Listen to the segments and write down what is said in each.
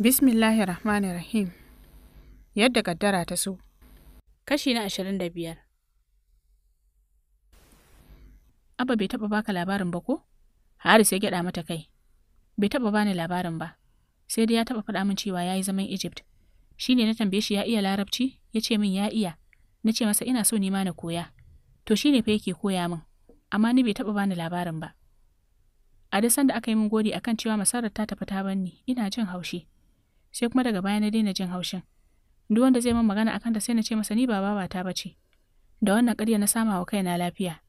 Bismillahir Rahmanir Rahim. Yadda kaddara ta so. Kashi na ashirin da biyar. Abba bai taɓa baka labarin ba ko? Haris ya gyaɗa mata kai. Bai taɓa bani labarin ba. Sai dai ya taɓa faɗa min cewa ya yi zaman Egypt. Shi ne na tambaye shi ya iya larabci? Ya ce min ya iya. Na ce masa ina so ni ma na koya. To shi ne fa yake koya min. Amma ni bai taɓa bani labarin ba. A da sanda aka yi min gode akan cewa masarar ta tafi ta banni, ina jin haushi. sai kuma daga baya na daina jin haushin duk wanda zai min magana akan ta sai na ce masa ni ba baba ta bace da wannan ƙarya na sama wa kaina lafiya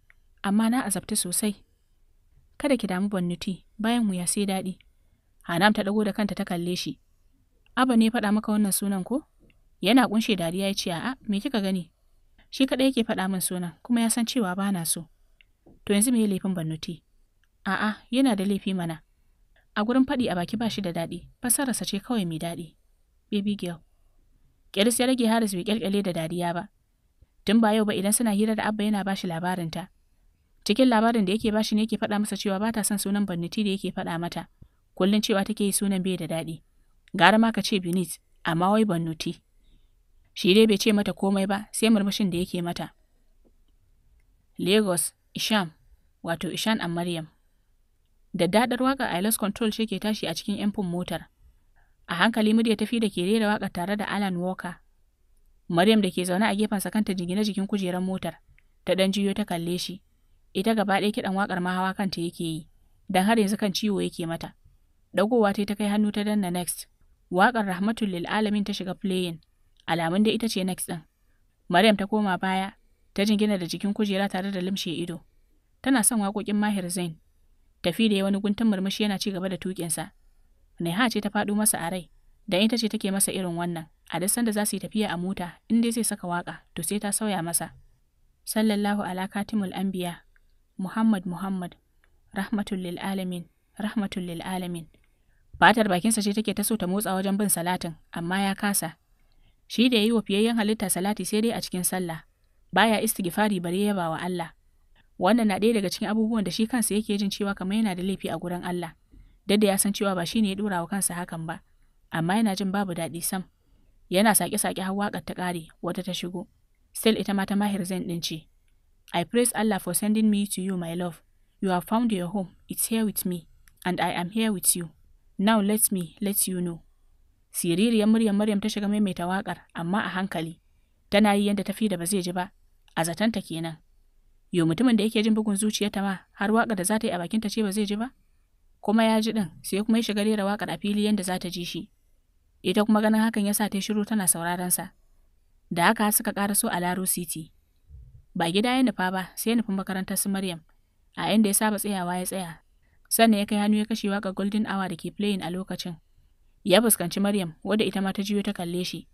amma na azabta sosai kada ki damu bannuti bayan wuya sai daɗi hanam ta ɗago da kanta ta kalle shi aba ne faɗa maka wannan sunan ko yana kunshe dariya ya ce a'a me kika gani shi kaɗai yake faɗa min sunan kuma ya san cewa ba na so to yanzu me laifin bannuti a'a yana da laifi mana A gurin faɗi a baki ba shi da daɗi, fassararsa ce kawai mai daɗi. Baby girl. Ƙyaris ya rage Haris bai kyalkyale da dariya ba. Tun ba yau ba idan suna hira da Abba yana ba shi labarinta. Cikin labarin da yake ba shi ne yake faɗa masa cewa ba ta son sunan Barniti da yake faɗa mata. Kullum cewa take yi sunan bai da daɗi. Gara ma ka ce Binit, amma wai bannuti Shi dai bai ce mata komai ba, sai murmushin da yake mata. Lagos, Isham, wato Ishan Maryam. dadar waƙar I Lost Control ce ke tashi a cikin ‘yan motar. A hankali murya tafi da ke rera waƙar tare da Alan Walker. Maryam da ke zaune a gefen kanta jingine jikin kujerar motar, ta ɗan jiyo ta kalle shi. Ita gaba ɗaya kiɗan waƙar ma hawa kanta yake yi, dan har yanzu kan ciwo yake mata. Dagowa ta ta kai hannu ta danna next. Waƙar Rahmatul lil Alamin ta shiga playing. Alamun da ita ce next ɗin. Maryam ta koma baya, ta jingina da jikin kujera tare da limshe ido. Tana son waƙoƙin Mahir Zain, Tafi da ya wani guntun murmushi yana ci gaba da tuƙinsa. Neha ce ta faɗo masa a rai, da ita ce take masa irin wannan, a duk sanda za su yi tafiya a mota, in dai zai saka waka, to sai ta sauya masa. Sallallahu ala katimul anbiya, Muhammad Muhammad, rahmatul lil alamin, rahmatul lil alamin. Fatar bakinsa ce take ta so ta motsa wajen bin salatin, amma ya kasa. Shi da ya yi wa fiyayyen halitta salati sai dai a cikin sallah, baya istighfari bare yaba wa Allah. wannan na ɗaya daga cikin abubuwan da shi kansa yake jin cewa kamar yana da laifi a gurin Allah duk ya san cewa ba shi ne ya ɗora wa kansa hakan ba amma yana jin babu daɗi sam yana sake-sake har waƙar ta ƙare wata ta shigo sel ita ma ta mahir zan ɗin ce I praise Allah for sending me to you my love you have found your home it's here with me and I am here with you now let me let you know siririyar muryar Maryam ta shiga maimaita waƙar amma a hankali tana yi yadda ta fi da ba zai ji ba a zatanta kenan Yo mutumin da yake jin bugun zuciyarta ma har waka da za ta yi a bakinta ce ba zai ji ba? Kuma ya ji din sai kuma ya shiga rera wakar a fili yanda za ta ji shi. Ita kuma ganin hakan ya sa ta shiru tana sauraron sa. Da haka suka so a Laro City. Ba gida ya nufa ba sai ya makarantar su Maryam. A inda ya saba tsayawa ya tsaya. Sannan ya kai hannu ya kashe waka Golden Hour da ke playing a lokacin. Ya fuskanci Maryam wadda ita ma ta jiyo ta kalle shi.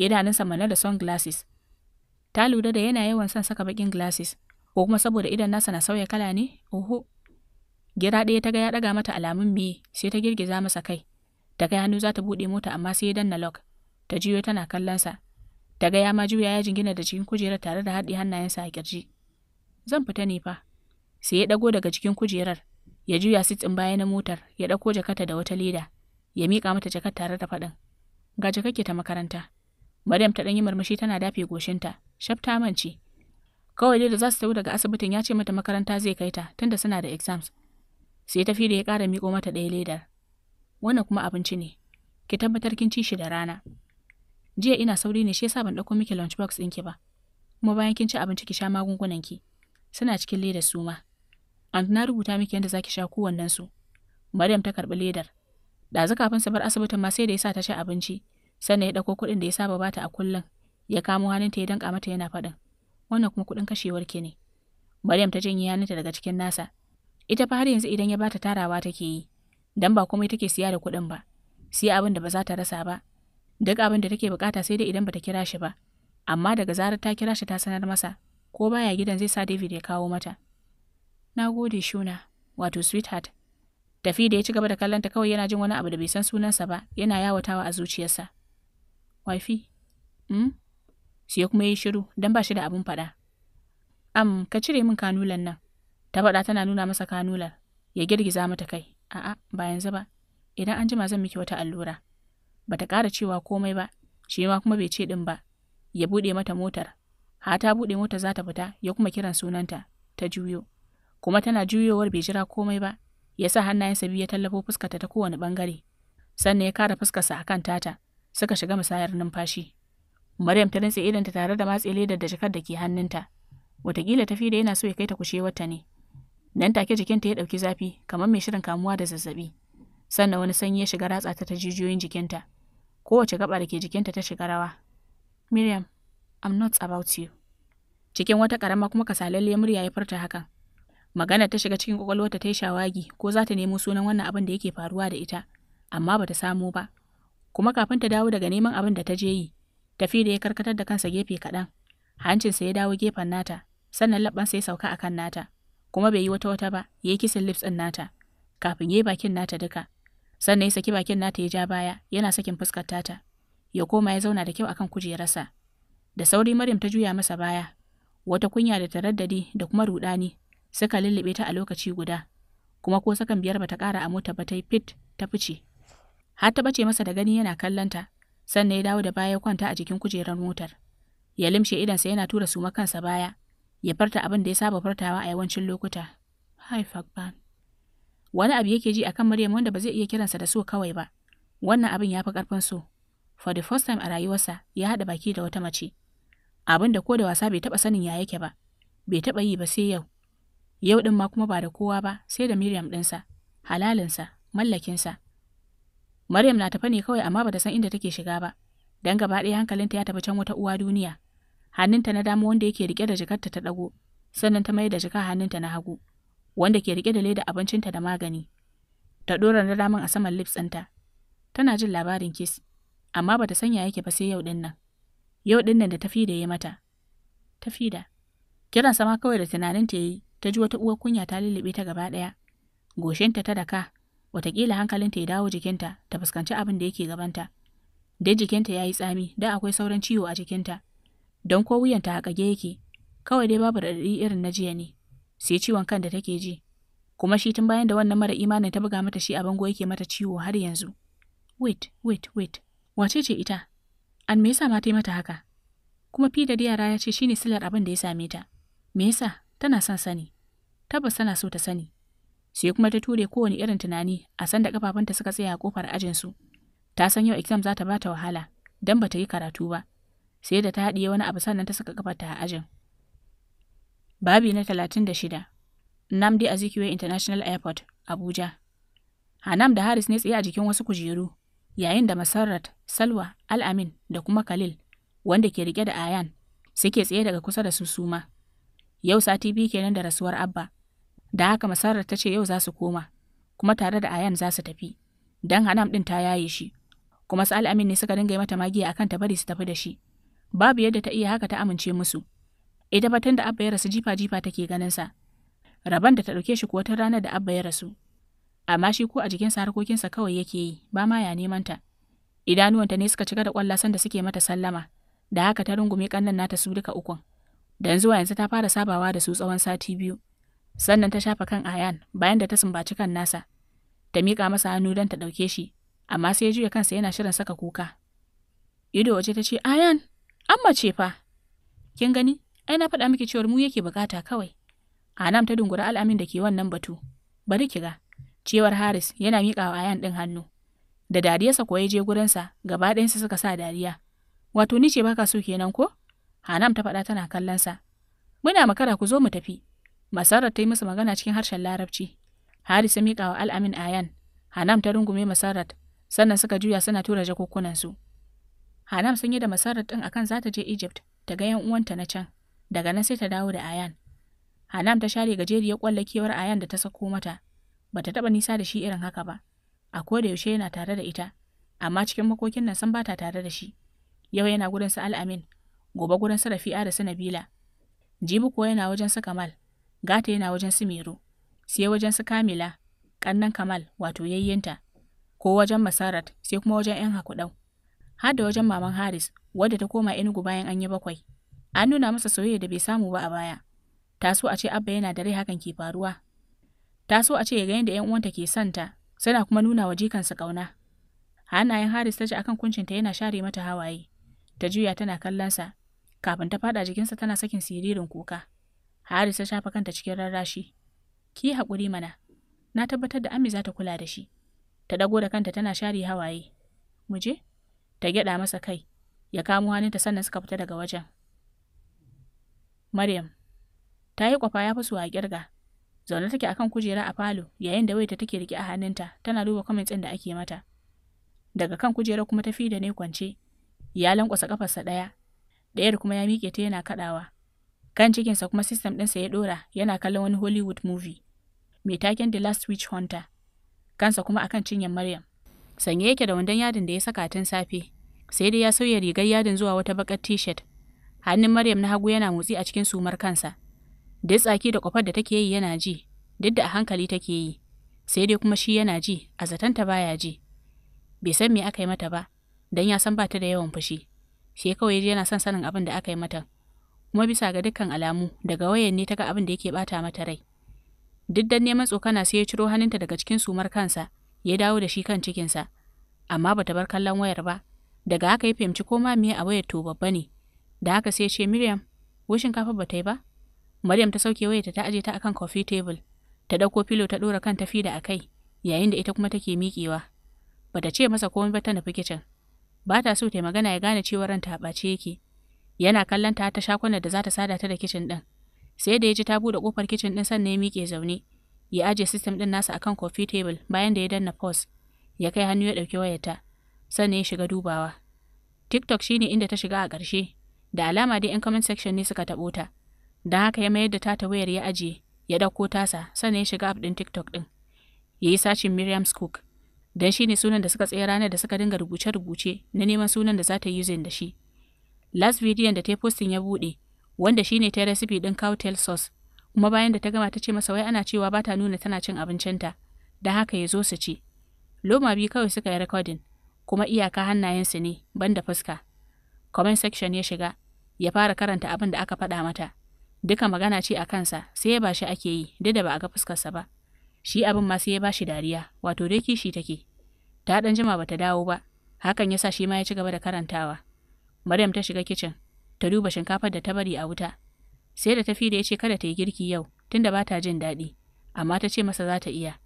Idanunsa mana da sunglasses. Ta lura da yana yawan son saka bakin glasses. ko kuma saboda idan nasa na sauya kala ne oho gira ɗaya ta ga ya ɗaga mata alamun me sai ta girgiza masa kai ta ga hannu za ta buɗe mota amma sai ya danna lock ta juyo tana kallon sa ta ga ya ma juya ya jingina da cikin kujerar tare da haɗe hannayensa a kirji zan fita ne fa sai ya ɗago daga cikin kujerar ya juya sitsin baya na motar ya ɗauko jakata da wata leda ya miƙa mata jakar tare da faɗin ga ke ta makaranta madam ta ɗan yi murmushi tana dafe goshinta shafta mance Kawai dai da za su tafi daga asibitin ya ce mata makaranta zai kai ta tunda suna da exams. Sai tafi da ya ƙara miƙo mata ɗaya ledar. Wannan kuma abinci ne. Ki tabbatar kin ci shi da rana. Jiya ina sauri ne shi yasa ban ɗauko miki lunch box ɗinki ba. Kuma bayan kin ci abinci ki sha magungunan ki. Suna cikin ledar su ma. Aunt na rubuta miki yadda zaki sha kowannen su. Maryam ta karɓi ledar. Ɗazu kafin su bar asibitin ma sai da ya sa ta ci abinci. Sannan ya ɗauko kuɗin da ya saba bata a kullum. Ya kamo hannunta ya danƙa mata yana faɗin. wannan kuma kuɗin kashewar ki ne. Maryam ta janye hannunta daga cikin nasa. Ita fa har yanzu idan ya bata tarawa take yi, dan ba komai take siya da kuɗin ba. Siya abin da ba za ta rasa ba. Duk abin da take bukata sai dai idan bata kira shi ba. Amma daga zarar ta kira shi ta sanar masa, ko baya gidan zai sa David ya kawo mata. Na gode Shuna, wato sweetheart. Tafi da ya ci gaba da kallonta kawai yana jin wani abu da bai san sunansa ba, yana yawatawa a zuciyarsa. Wifi, mm? sai kuma yi shiru don ba shi da abin faɗa. Am, ka cire min kanulan nan. Ta faɗa tana nuna masa kanular, ya girgiza mata kai. A'a, ba yanzu ba. Idan an jima zan miki wata allura. ba ta ƙara cewa komai ba, shi ma kuma bai ce ɗin ba. Ya buɗe mata motar. Ha ta buɗe mota za ta fita, ya kuma kiran sunanta, ta juyo. Kuma tana juyowar bai jira komai ba, ya sa hannayensa biyu ya tallafo fuskarta ta kowane ɓangare. Sannan ya kara fuskarsa a kan tata, suka shiga musayar numfashi. Maryam ta rintse idanta tare da matse ledar da jakar da ke hannunta. Wataƙila tafi da yana so ya kai ta kushewarta ne. Nan take jikinta ya ɗauki zafi kamar mai shirin kamuwa da zazzaɓi. Sannan wani sanyi ya shiga ratsa ta ta jijiyoyin jikinta. Kowace gaba da ke jikinta ta shiga rawa. Miriam, I'm not about you. Cikin wata ƙarama kuma kasalalle murya ya furta hakan. Magana ta shiga cikin kwakwalwarta ta yi shawagi ko za ta nemo sunan wannan abin da yake faruwa da ita, amma ba ta samo ba. Kuma kafin ta dawo daga neman abin da ta je yi, Tafi da ya karkatar da kansa gefe kaɗan, hancinsa ya dawo gefen nata, sannan sa ya sauka a kan nata, kuma bai yi wata wata ba, ya yi kisin lips ɗin nata, kafin ya yi bakin nata duka. Sannan ya saki bakin nata ya ja baya, yana sakin fuskar tata. Ya koma ya zauna da kyau akan kujerarsa. Da sauri Maryam ta juya masa baya, wata kunya da taraddadi da kuma rudani suka lullube ta a lokaci guda, kuma ko sakan biyar bata kara a mota ba ta yi fit ta fice. Har ta bace masa da gani yana kallanta, sannan ya dawo da baya kwanta a jikin kujerar motar. Ya limshe idansa yana tura suma kansa baya, ya farta abin da ya saba fartawa a yawancin lokuta. Hi, Fagban. Wani abu yake ji akan Maryam wanda ba zai iya kiransa da so kawai ba. Wannan abin ya fi ƙarfin so. For the first time a rayuwarsa ya haɗa baki da wata mace. Abin da ko da wasa bai taɓa sanin ya yake ba. Bai taɓa yi ba sai yau. Yau ɗin ma kuma ba da kowa ba sai da Miriam ɗinsa, halalinsa, mallakinsa. Maryam na tafa ne kawai amma bata san inda take shiga ba. Dan gaba ɗaya hankalinta ya tafi can wata uwa duniya. Hannunta na dama wanda yake rike da jakarta ta dago sannan ta mai da jaka hannunta na hagu, wanda ke rike da leda abincinta da magani. Ta ɗora na daman a saman lips ɗinta. Tana jin labarin kis, amma bata sanya yake ba sai yau ɗinnan nan. Yau ɗinnan nan da tafi da ya mata. Tafi da. Kiran sama kawai da tunanin ta yi, ta ji wata uwar kunya ta lullube ta gaba ɗaya. Goshinta ta daka, Wataƙila hankalinta ya dawo jikinta ta fuskanci abin da yake gabanta. Dai jikinta ya yi tsami, da akwai sauran ciwo a jikinta. Don ko wuyanta a kage yake, kawai dai babu raɗaɗi irin na jiya ne, sai ciwon kan da take ji. Kuma shi tun bayan da wannan mara imanin ta buga mata shi a bango yake mata ciwo har yanzu. Wait, wait, wait. Wace ce ita? An me yasa ma ta yi mata haka? Kuma fi da yara ya ce shine silar abin da ya same ta. Me yasa? Tana son sani. Tabbas tana so ta sani. sai kuma ta ture kowane irin tunani a san da kafafunta suka tsaya a kofar ajinsu. Ta san yau exam za ta ba ta wahala, dan ba ta yi karatu ba. Sai da ta haɗiye wani abu sannan ta saka kafarta a ajin. Babi na talatin da shida. Namdi Azikiwe International Airport, Abuja. Hanam da Haris ne tsaye a jikin wasu kujeru, yayin da Masarrat, Salwa, al da kuma Khalil, wanda ke rike da Ayan, suke tsaye daga kusa da su suma. Yau sati biyu kenan da rasuwar Abba, Da haka Masarar ta ce yau za su koma, kuma tare da Ayan za su tafi, dan Hanam ɗin ta yaye shi. Kuma su Al'amin ne suka dinga yi mata magiya akan ta bari su tafi da shi. Babu yadda ta iya haka ta amince musu. Ita batun da Abba ya rasu jifa-jifa take sa Rabon da ta ɗauke shi kuwa ta ranar da Abba ya rasu. Amma shi ko a jikin sa harkokin sa kawai yake yi, ba ma ya neman ta. Idanuwanta ne suka cika da ƙwallasan da suke mata sallama, da haka ta rungume kannan nata su duka ukun. Dan zuwa yanzu ta fara sabawa da su tsawon sati biyu. sannan ta shafa kan Ayan bayan da ta sumbaci kan nasa, ta miƙa masa hannu don ta ɗauke shi, amma sai ya juya kansa yana shirin saka kuka. Ido waje ta ce, Ayan, an mace fa. Kin gani, ai na faɗa miki cewar mu yake bukata kawai. Anam ta dungura al'amin da ke wannan batu. Bari ki ga, cewar Haris yana miƙa wa Ayan ɗin hannu. Da dariyarsa ko ya je gurinsa, gaba ɗayansa suka sa dariya. Wato ni ce baka so kenan ko? Hanam ta faɗa tana kallonsa. Muna makara ku zo mu tafi, Masarar ta yi masa magana cikin harshen Larabci. Haris ya miƙa wa Al'amin Ayan. Hanam ta rungume masarrat. sannan suka juya suna tura su Hanam sun yi da masarar ɗin akan za ta je Egypt ta ga ‘yan uwanta na can, daga nan sai ta dawo da Ayan. Hanam ta share gajeriyar kwallakewar Ayan da ta sako mata, ba ta taɓa nisa da shi irin haka ba, a da yaushe yana tare da ita, amma cikin makokin nan san ba ta tare da shi. Yau yana gurin su Al'amin, gobe gurin su fi'a da su Jibu Jibi kuwa yana wajen su Kamal, Gata yana wajen su Mero, sai wajen su Kamila, ƙannan Kamal wato yayyenta ko wajen Masarat, sai kuma wajen ‘yan hakuɗau. Har da wajen maman Haris, wadda ta koma Enugu bayan an yi bakwai. An nuna masa soyayya da bai samu ba a baya. Ta so a ce Abba yana da rai hakan ke faruwa. Ta so a ce ya ga yadda ‘yan uwanta ke santa, suna kuma nuna wa jikansa ƙauna. Hannayen Haris ta ji akan kuncinta yana share mata hawaye. Ta juya tana kallonsa, kafin ta faɗa jikinsa tana sakin siririn kuka. Haris ta shafa kanta cikin rarrashi. Ki haƙuri mana, na tabbatar da Ami za ta kula da shi. Ta dago da kanta tana share hawaye. Mu je? Ta gyaɗa masa kai, ya kamo hannunta sannan suka fita daga wajen. Maryam, ta yi kwafa ya fasu a kirga. Zaune take akan kujera a falo yayin da waita take rike a hannunta tana duba comments ɗin da ake mata. Daga kan kujera kuma ta fi da ne kwance, ya lankwasa ƙafarsa ɗaya, ɗayar kuma ya miƙe ta yana kaɗawa. Kan cikinsa kuma sistem ɗinsa ya ɗora yana kallon wani Hollywood movie mai taken The Last Witch Hunter. Kansa kuma akan cinyar Maryam. Sanye yake da wandon yadin da ya saka tun safe, sai dai ya sauya rigar yadin zuwa wata bakar t-shirt. Hannun Maryam na hagu yana motsi a cikin sumar kansa. Duk tsaki da kwafar da take yi yana ji, duk da a hankali take yi. Sai dai kuma shi yana ji, a zaton ta baya ji. Bai san me aka yi mata ba, don ya san ba ta da yawan fushi. Sai kawai yana son sanin abin da aka yi mata. kuma bisa ga dukkan alamu daga wayan ne ta ga abin da yake bata mata rai. Duk dan neman tsokana sai ya ciro hannunta daga cikin sumar kansa, ya dawo da shi kan cikinsa, amma bata bar kallon wayar ba. Daga haka ya fahimci ko ma miya a wayar to babba ne. Da haka sai ya ce Miriam, wushin kafa bata yi ba? Maryam ta sauke wayarta ta aje ta akan coffee table, ta dauko filo ta dora kan tafi da akai, yayin da ita kuma take miƙewa. Bata ce masa komai ba ta nufi kicin. Bata so ta yi magana ya gane cewa ranta a ɓace yake. Yana kallon ta ta shakunan da za ta sada ta da kicin din. Sai da ya ji ta buɗe kofar kicin din sannan ya miƙe zaune. Ya aje system din nasa akan coffee table bayan da ya danna pause. Ya kai hannu ya ɗauki ta, Sannan ya shiga dubawa. TikTok shine inda ta shiga a ƙarshe. Da alama dai 'yan comment section ne suka taɓo ta. dan haka ya mayar da ta ta wayar ya ajiye. ya ɗauko tasa sannan ya shiga app din TikTok din. Ya yi sacin Miriam's Cook, don shi sunan da suka tsaye ranar da suka dinga rubuce-rubuce na neman sunan da za ta yi using da shi. Last video da ta posting ya buɗe, wanda shine ta recipe din cowtail sauce, kuma bayan da ta gama ta ce masa wai ana cewa ba ta nuna tana cin abincinta, da haka ya zo su ci. Loma biyu kawai suka yi recording, kuma iyaka hannayensu ne, banda fuska. Comment section ya shiga, ya fara karanta abin da aka faɗa mata. Duka magana ce a kansa, sai ya bashi ake yi, duk da ba a ga fuskarsa ba. Shi abin ma sai ya bashi dariya, wato dai kishi take. Ta ɗan jima bata dawo ba, hakan yasa sa shi ma ya ci gaba da karantawa. Maryam ta shiga kicin, ta duba shinkafar da ta bari a wuta. Sai da tafi da ya ce kada ta yi girki yau, tunda ba ta jin daɗi, amma ta ce masa za ta iya.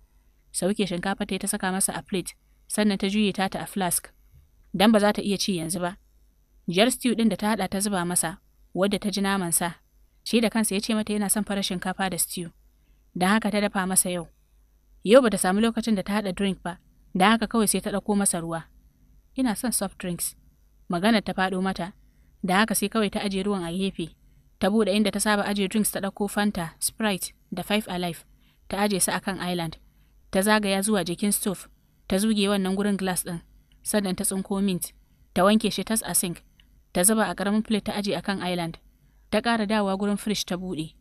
Sauke shinkafar ta ta saka masa a plate, sannan ta juye ta ta a flask. Dan ba za ta iya ci yanzu ba. Jar stew ɗin da ta haɗa ta zuba masa, wadda ta ji naman sa. Shi da kansa ya ce mata yana son farar shinkafa da stew. Don haka ta dafa masa yau. Yau ba ta samu lokacin da ta haɗa drink ba, don haka kawai sai ta ɗauko masa ruwa. Ina son soft drinks, Magana ta faɗo mata. Da haka sai kawai ta aje ruwan a gefe. Ta buɗe inda ta saba aje drinks ta ɗauko Fanta, Sprite da Five Alive. Ta aje su a kan island. Ta zagaya zuwa jikin stove. Ta zuge wannan gurin glass ɗin. Sannan ta tsinko mint. Ta wanke shi tas a sink. Ta zuba a karamin plate ta aje akan island. Ta ƙara dawa gurin fridge ta buɗe.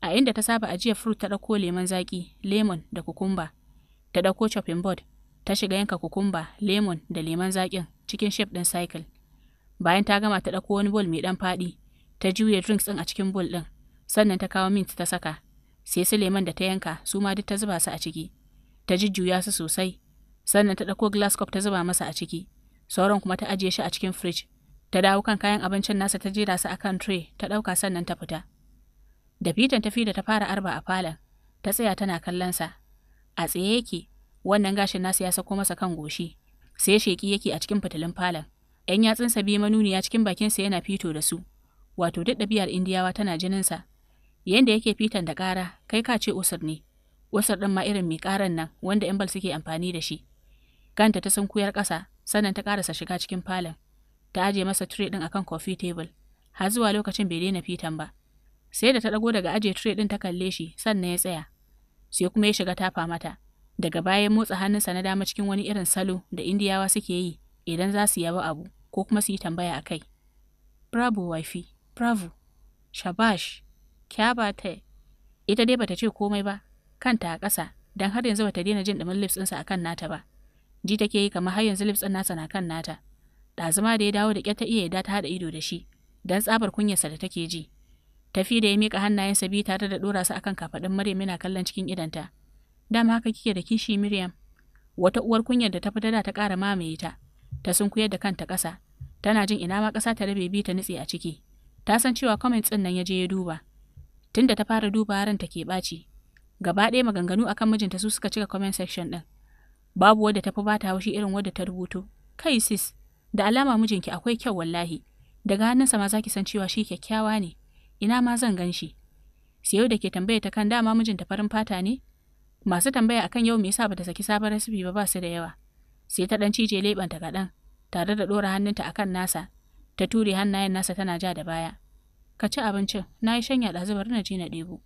a inda ta saba ajiyar fruit ta ɗauko lemon zaƙi, lemon da kukumba. Ta ɗauko chopping board, ta shiga yanka kukumba, lemon da lemon zaƙin cikin shape ɗin cycle. Bayan ta gama ta ɗauko wani bol mai ɗan faɗi, ta juya drinks ɗin a cikin bol ɗin, sannan ta kawo mint ta saka, sai suleman da ta yanka su ma duk ta zuba su a ciki. Ta jujjuya su sosai, sannan ta ɗauko glass cup ta zuba masa a ciki, sauran kuma ta ajiye shi a cikin fridge. Ta dawo kan kayan abincin nasa ta jera su akan tray, ta ɗauka sannan ta fita. Da fitan tafi da ta fara arba a falon, ta tsaya tana kallon sa. A tsaye yake, wannan gashin nasa ya sako masa kan goshi, sai sheki yake a cikin fitilun falon. ‘yan yatsunsa biyu manuniya cikin bakinsa yana fito da su, wato duk ɗabi'ar Indiyawa tana jininsa. Yanda yake fitan da ƙara, kai ka ce usur ne, usur ɗin ma irin mai ƙaran nan wanda ‘yan bal suke amfani da shi. Kanta ta san sunkuyar ƙasa, sannan ta ƙarasa shiga cikin falon. Ta aje masa tire ɗin akan kofi table, har zuwa lokacin bai daina fitan ba. Sai da ta ɗago daga aje tire ɗin ta kalle shi, sannan ya tsaya. Sai kuma ya shiga tafa mata. Daga bayan motsa hannunsa na dama cikin wani irin salo da Indiyawa suke yi, idan za su yaba abu ko kuma su yi tambaya a kai. Bravo wifi, bravo, shabash, kyabata, ita dai bata ce komai ba, kanta a ƙasa, don har yanzu bata daina jin ɗumin lips ɗinsa kan nata ba. Ji take yi kamar har yanzu lips ɗin nasa na kan nata. Ɗazuma da ya dawo da ƙyar ta iya yadda ta haɗa ido da shi, don tsabar kunyarsa da take ji. Tafi da ya miƙa hannayensa biyu tare da ɗora su akan kafaɗin Maryam yana kallon cikin idanta. Dama haka kike da kishi Miriam. Wata uwar kunyar da ta fita da ta ƙara mamaye ta. ta sunkuyar da kanta ƙasa tana jin ina ma ƙasa ta rabe bi ta nutse a ciki ta san cewa comments ɗin nan ya je ya duba tunda ta fara duba ran ta ke ɓaci gaba ɗaya maganganu akan mijinta su suka cika comment section ɗin babu wadda ta fi bata haushi irin wadda ta rubuto kai sis da alama mijinki akwai kyau wallahi daga hannunsa ma ki san cewa shi kyakkyawa ne ina ma zan gan shi siyau da ke tambaya ta kan dama mijinta farin fata ne masu tambaya akan yau me yasa bata saki sabon recipe ba ba su da yawa sai ta dan cije kaɗan tare da ɗora hannunta a kan nasa ta ture hannayen nasa tana ja da baya ka ci abincin na yi shanya da bari na je na ɗebo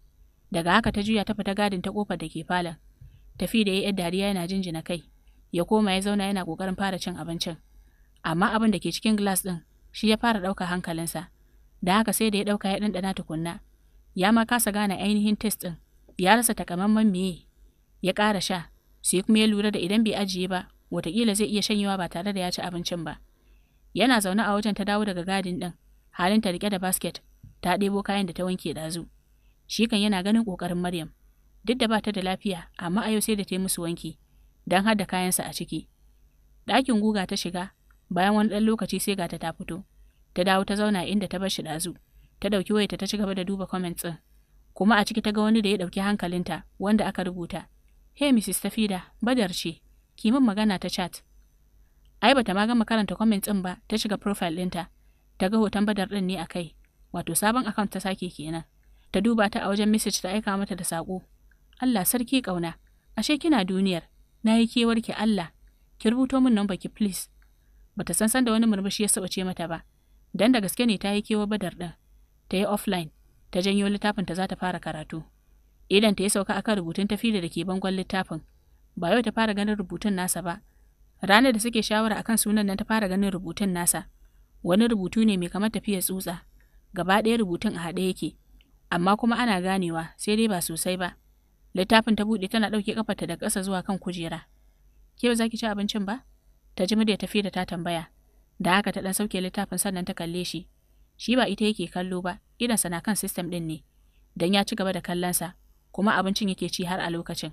daga haka ta juya ta fita gadin ta ƙofar da ke falon tafi da ya dariya yana jinjina kai ya koma ya zauna yana ƙoƙarin fara cin abincin amma abin da ke cikin glass ɗin shi ya fara ɗauka hankalinsa da haka sai da ya ɗauka ya ɗanɗana tukunna ya ma kasa gane ainihin test ɗin ya rasa takamaiman meye ya ƙara sha sai kuma ya lura da idan bai ajiye ba wataƙila zai iya shanyewa ba tare da ya ci abincin ba. Yana zaune a wajen ta dawo daga gadin ɗin, halin ta riƙe da basket, ta ɗebo kayan da ta wanke ɗazu. Shi kan yana ganin ƙoƙarin Maryam, duk da ba ta da lafiya, amma a yau sai da ta yi musu wanki, don har kayansa a ciki. Ɗakin guga ta shiga, bayan wani ɗan lokaci sai gata ta fito. Ta dawo ta zauna inda ta bar shi ɗazu, ta ɗauki wayarta ta ci gaba da duba comments ɗin. Kuma a ciki ta ga wani da ya ɗauki hankalinta, wanda aka rubuta. Hey Mrs. Tafida, Badar ce, Ki min magana ta chat ai bata ma gama karanta comment din ba ta shiga profile ɗinta ta ga hoton badar din ne akai wato sabon account ta sake kenan ta duba ta a wajen message ta aika mata da sako Allah sarki kauna ashe kina duniyar nayi kewar ki Allah ki rubuto min number ki please bata san san da wani murmushi ya ce mata ba dan da gaske ne ta yi kewa badar din ta yi offline ta janyo littafin ta za ta fara karatu idan ta yi sauka akan rubutun tafida da ke bangon littafin ba yau ta fara ganin rubutun nasa ba. Ranar da suke shawara akan sunan nan ta fara ganin rubutun nasa. Wani rubutu ne mai kamar tafiyar tsutsa. Gaba ɗaya rubutun a haɗe yake. Amma kuma ana ganewa sai dai ba sosai ba. Littafin ta buɗe tana ɗauke ƙafarta da ƙasa zuwa kan kujera. Ke ba za ki ci abincin ba? Ta ji murya tafi da ta tambaya. Da haka ta ɗan sauke littafin sannan ta kalle shi. Shi ba ita yake kallo ba, idansa na kan sistem ɗin ne. Dan ya ci gaba da kallonsa, kuma abincin yake ci har a lokacin.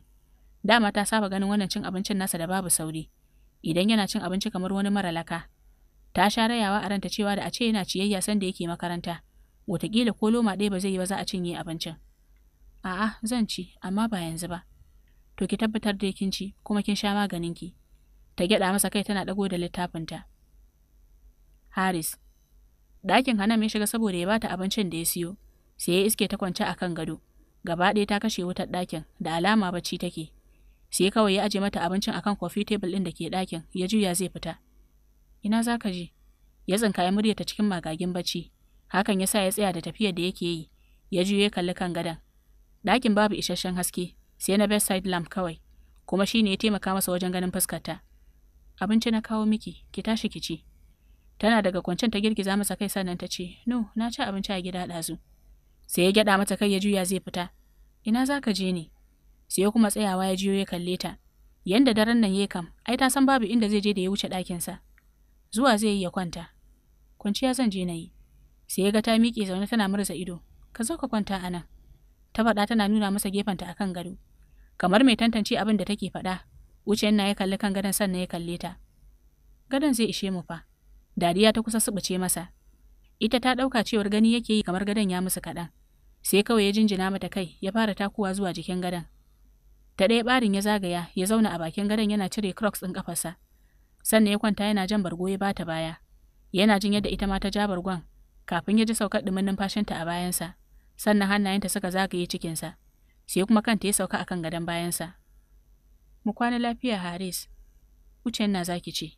Dama ta saba ganin wannan cin abincin nasa da babu sauri. Idan yana cin abinci kamar wani mara laka. Ta sha rayawa a ranta cewa da a ce yana ciyayya sanda yake makaranta. Wataƙila ko loma ɗaya ba zai yi ba za a cinye abincin. A'a, zan ci, amma ba yanzu ba. To ki tabbatar da kin ci kuma kin sha maganin ki. Ta gyada masa kai tana ɗago da littafinta. Haris. Ɗakin Hanam ya shiga saboda ya bata abincin da ya siyo. Sai ya iske ta kwance a kan gado. Gaba ɗaya ta kashe wutar ɗakin da alama bacci take. sai kawai ya aje mata abincin akan coffee table ɗin da ke ɗakin ya juya zai fita ina za ka je ya tsinka ya ta cikin magagin bacci hakan ya sa ya tsaya da tafiyar da yake yi ya ya kalli kan gadon ɗakin babu isasshen haske sai na bedside lamp kawai kuma shi ne ya taimaka masa wajen ganin ta abinci na kawo miki ki tashi ki ci tana daga kwancen ta girgiza masa kai sannan ta ce no na ci abinci a gida ɗazu sai ya gyaɗa mata kai ya juya zai fita ina za ka je ne sai kuma tsayawa ya jiyo ya kalle ta yanda daren nan ya kam ai ta san babu inda zai je da ya wuce sa zuwa zai yi ya kwanta kwanciya zan je na yi sai ya ga ta miƙe zaune tana murza ido ka zo ka kwanta a nan ta faɗa tana nuna masa gefenta akan gado kamar mai tantance abin da take faɗa Wuce na ya kalli kan gadon sannan ya kalle ta gadon zai ishe mu fa dariya ta kusa subuce masa ita ta ɗauka cewar gani yake yi kamar gadon ya musu kaɗan sai kawai ya jinjina mata kai ya fara takuwa zuwa jikin gadon Ta ɗaya ɓarin ya zagaya ya zauna a bakin gadon yana cire crocs ɗin ƙafarsa. Sannan ya kwanta yana jan bargo ya bata baya. Yana jin yadda ita ma ta ja bargon kafin ya ji saukar ɗumin numfashinta a bayansa. Sannan hannayenta suka zagaye cikinsa. Sai kuma kanta ya sauka akan gadon bayansa. Mu kwana lafiya Haris. Wucen na zaki ce.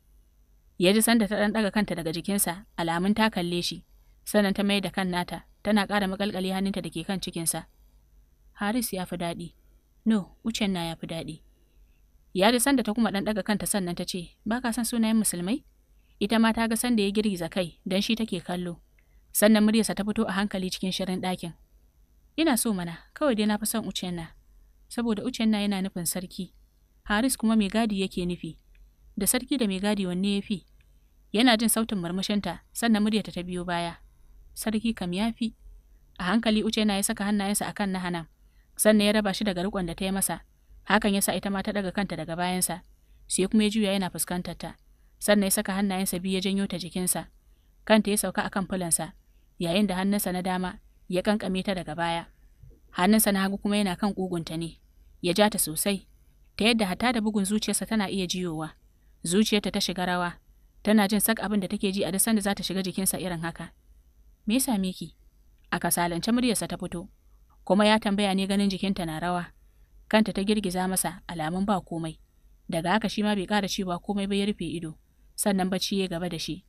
Ya ji sanda ta ɗan ɗaga kanta daga jikinsa alamun ta kalle shi. Sannan ta mai da kan nata tana ƙara maƙalƙali hannunta da ke kan cikinsa. Haris ya fi daɗi. No, wucen na ya fi daɗi. Ya da sanda ta kuma ɗan ɗaga kanta sannan ta ce, ba ka san sunayen musulmai? Ita ma ta ga sanda ya girgiza kai don shi take kallo. Sannan muryarsa ta fito a hankali cikin shirin ɗakin. Ina so mana, kawai dai na fi son Ucenna. Saboda Ucenna yana nufin sarki. Haris kuma mai gadi yake nufi. Da sarki da mai gadi wanne ya fi? Yana jin sautin murmushinta, sannan muryarta ta biyo baya. Sarki kam ya fi. A hankali Ucenna ya saka hannayensa akan na Hanam. sannan ya raba shi daga rikon da ta yi masa hakan ya sa ita ma ta daga kanta daga bayansa sai kuma ya juya yana fuskantar ta sannan ya saka hannayensa biyu ya janyo ta jikinsa kanta ya sauka akan fulansa yayin da hannunsa na dama ya kankame ta daga baya hannunsa na hagu kuma yana kan kugunta ne ya ja ta sosai ta yadda hata da bugun zuciyarsa tana iya jiyowa zuciyarta ta shiga rawa tana jin sak abin da take ji a duk sanda za ta shiga jikinsa irin haka me yasa miki a kasalance muryarsa ta fito kuma ya tambaya ne ganin jikinta na rawa. Kanta ta girgiza masa alamun ba komai. Daga haka shi ma bai ƙara cewa komai ba ya rufe ido, sannan bacci ya gaba da shi.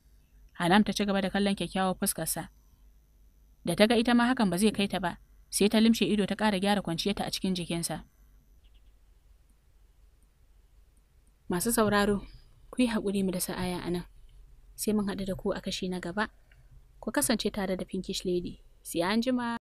Hanam ta ci gaba da kallon kyakkyawar fuskarsa. Da ta ga ita ma hakan ba zai kai ta ba, sai ta limshe ido ta ƙara gyara kwanciyarta a cikin jikinsa. Masu sauraro, ku yi haƙuri mu da sa'aya a nan. Sai mun haɗu da ku a kashi na gaba. Ku kasance tare da Pinkish Lady. Sai an jima.